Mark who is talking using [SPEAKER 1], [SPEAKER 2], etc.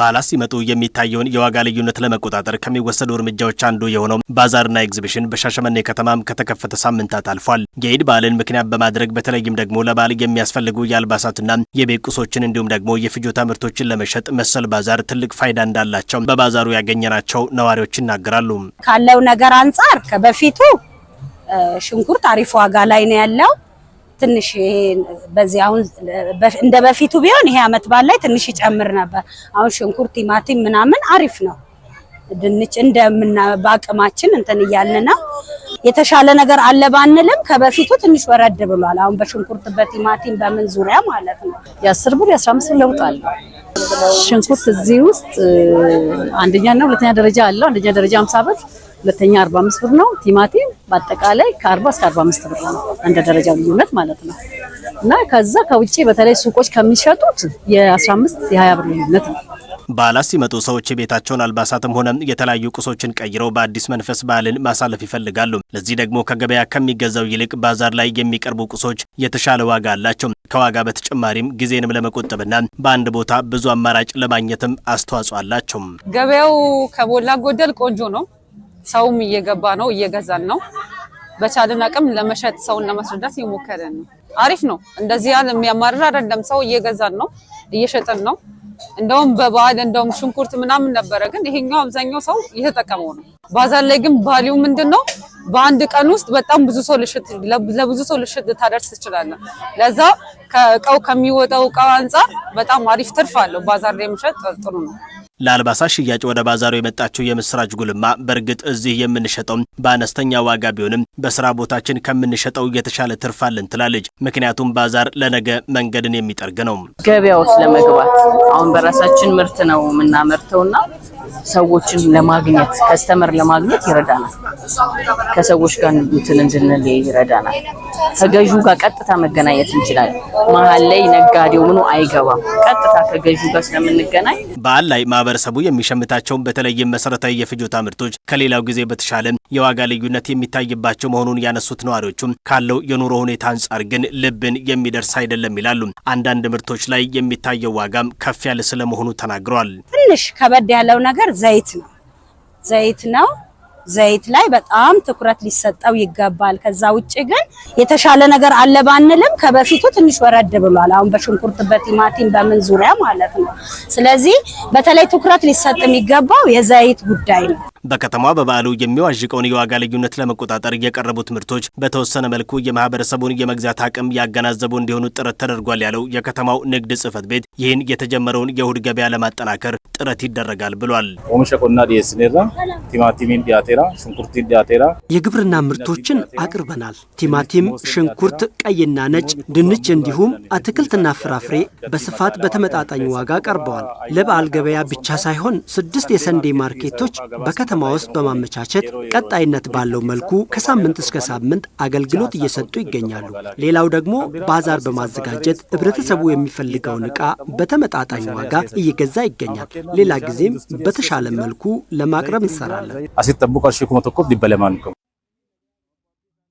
[SPEAKER 1] በዓላት ሲመጡ የሚታየውን የዋጋ ልዩነት ለመቆጣጠር ከሚወሰዱ እርምጃዎች አንዱ የሆነው ባዛርና ኤግዚቢሽን በሻሸመኔ ከተማም ከተከፈተ ሳምንታት አልፏል። የኢድ በዓልን ምክንያት በማድረግ በተለይም ደግሞ ለበዓል የሚያስፈልጉ የአልባሳትና የቤት ቁሶችን እንዲሁም ደግሞ የፍጆታ ምርቶችን ለመሸጥ መሰል ባዛር ትልቅ ፋይዳ እንዳላቸው በባዛሩ ያገኘናቸው ነዋሪዎች ይናገራሉ።
[SPEAKER 2] ካለው ነገር አንጻር ከበፊቱ ሽንኩርት አሪፍ ዋጋ ላይ ነው ያለው። ትንሽ በዚህ አሁን እንደ በፊቱ ቢሆን ይሄ አመት በዓል ላይ ትንሽ ይጨምር ነበር። አሁን ሽንኩርት፣ ቲማቲም ምናምን አሪፍ ነው። ድንች እንደምና በአቅማችን እንትን እያልን ነው። የተሻለ ነገር አለ ባንልም ከበፊቱ ትንሽ ወረድ ብሏል። አሁን በሽንኩርት በቲማቲም በምን ዙሪያ ማለት ነው የአስር ብር የአስራ አምስት ብር ለውጥ አለ። ሽንኩርት እዚህ ውስጥ አንደኛ እና ሁለተኛ ደረጃ አለው። አንደኛ ደረጃ 50 ብር፣ ሁለተኛ 45 ብር ነው። ቲማቲም በአጠቃላይ ከ40 እስከ 45 ብር ነው፣ እንደ ደረጃ ልዩነት ማለት ነው። እና ከዛ ከውጭ በተለይ ሱቆች ከሚሸጡት የ15 የ20 ብር ልዩነት ነው።
[SPEAKER 1] በዓላት ሲመጡ ሰዎች የቤታቸውን አልባሳትም ሆነ የተለያዩ ቁሶችን ቀይረው በአዲስ መንፈስ በዓልን ማሳለፍ ይፈልጋሉ። ለዚህ ደግሞ ከገበያ ከሚገዛው ይልቅ ባዛር ላይ የሚቀርቡ ቁሶች የተሻለ ዋጋ አላቸው። ከዋጋ በተጨማሪም ጊዜንም ለመቆጠብና በአንድ ቦታ ብዙ አማራጭ ለማግኘትም አስተዋጽኦ አላቸው።
[SPEAKER 2] ገበያው ከሞላ ጎደል ቆንጆ ነው። ሰውም እየገባ ነው፣ እየገዛን ነው። በቻልን አቅም ለመሸጥ ሰውን ለማስረዳት እየሞከርን ነው። አሪፍ ነው። እንደዚህ ያል የሚያማርር አይደለም። ሰው እየገዛን ነው፣ እየሸጥን ነው። እንደውም በባህል እንደውም ሽንኩርት ምናምን ነበረ፣ ግን ይሄኛው አብዛኛው ሰው እየተጠቀመው ነው። ባዛር ላይ ግን ባሊው ምንድን ነው? በአንድ ቀን ውስጥ በጣም ብዙ ሰው ልሽጥ ለብዙ ሰው ልሽጥ ልታደርስ ትችላለህ። ለዛ ከእቃው ከሚወጣው እቃ አንጻር በጣም አሪፍ ትርፍ አለው። ባዛር ላይ መሸጥ ጥሩ ነው።
[SPEAKER 1] ለአልባሳት ሽያጭ ወደ ባዛሩ የመጣችው የምስራች ጉልማ በእርግጥ እዚህ የምንሸጠው በአነስተኛ ዋጋ ቢሆንም በስራ ቦታችን ከምንሸጠው የተሻለ ትርፋለን ትላለች። ምክንያቱም ባዛር ለነገ መንገድን የሚጠርግ ነው።
[SPEAKER 2] ገበያ ውስጥ ለመግባት አሁን በራሳችን ምርት ነው የምናመርተውና ሰዎችን ለማግኘት ከስተመር ለማግኘት ይረዳናል። ከሰዎች ጋር እንትን እንድንል ይረዳናል። ከገዢው ጋር ቀጥታ መገናኘት እንችላለን። መሀል ላይ ነጋዴው ምኑ አይገባም። ቀጥታ ከገዢው ጋር ስለምንገናኝ
[SPEAKER 1] በዓል ላይ ማህበረሰቡ የሚሸምታቸውን በተለይም መሰረታዊ የፍጆታ ምርቶች ከሌላው ጊዜ በተሻለ የዋጋ ልዩነት የሚታይባቸው መሆኑን ያነሱት ነዋሪዎቹም ካለው የኑሮ ሁኔታ አንጻር ግን ልብን የሚደርስ አይደለም ይላሉ። አንዳንድ ምርቶች ላይ የሚታየው ዋጋም ከፍ ያለ ስለመሆኑ ተናግረዋል።
[SPEAKER 2] ትንሽ ከበድ ያለው ነገር ነገር ዘይት ነው። ዘይት ነው። ዘይት ላይ በጣም ትኩረት ሊሰጠው ይገባል። ከዛ ውጭ ግን የተሻለ ነገር አለ ባንልም ከበፊቱ ትንሽ ወረድ ብሏል። አሁን በሽንኩርት በቲማቲም በምን ዙሪያ ማለት ነው። ስለዚህ በተለይ ትኩረት ሊሰጥ የሚገባው የዘይት ጉዳይ ነው።
[SPEAKER 1] በከተማ በበዓሉ የሚዋዥቀውን የዋጋ ልዩነት ለመቆጣጠር የቀረቡት ምርቶች በተወሰነ መልኩ የማህበረሰቡን የመግዛት አቅም ያገናዘቡ እንዲሆኑ ጥረት ተደርጓል ያለው የከተማው ንግድ ጽህፈት ቤት ይህን የተጀመረውን የእሁድ ገበያ ለማጠናከር ጥረት ይደረጋል ብሏል። የግብርና ምርቶችን አቅርበናል። ቲማቲም፣ ሽንኩርት፣ ቀይና ነጭ ድንች እንዲሁም አትክልትና ፍራፍሬ በስፋት በተመጣጣኝ ዋጋ ቀርበዋል። ለበዓል ገበያ ብቻ ሳይሆን ስድስት የሰንዴ ማርኬቶች በከ በከተማ ውስጥ በማመቻቸት ቀጣይነት ባለው መልኩ ከሳምንት እስከ ሳምንት አገልግሎት እየሰጡ ይገኛሉ። ሌላው ደግሞ ባዛር በማዘጋጀት ህብረተሰቡ የሚፈልገውን ዕቃ በተመጣጣኝ ዋጋ እየገዛ ይገኛል። ሌላ ጊዜም በተሻለ መልኩ ለማቅረብ እንሰራለን።